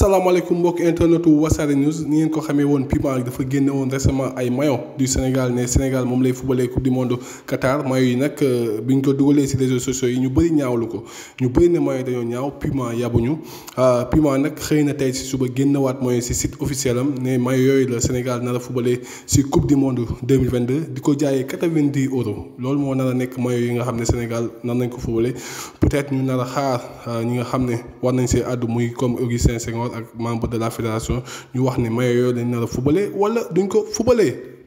salaamaaleykum mbokk internetu wasaare news ni ngeen ko xamee woon Puma dafa génné won récemment ay maillot du Sénégal né Sénégal mom lay footballé coupe du monde Qatar maillot yi nak euh, biñ ko dugalee ci réseaux sociaux yi ñu bari ñaawlu ko ñu bari né maillot dañu ñaaw piment yabuñu euh, Puma nag xëy na tey ci suba génné génnewaat maillot ci site officielam né ne maillot yooyu la Sénégal nar footballé ci coupe du monde 2022 diko jaayé 90 euros loolu mo nar nek nekk maillot yi nga xamné Sénégal nan nañ ko footballé peut-être ñu nar xaar euh, ñi nga xamné war nañ see addu muy comme Augustin Senghor d'accord ak membre de la fédération ñu wax ni maillot yooyu lañ nar a fubale wala duñ ko fubalee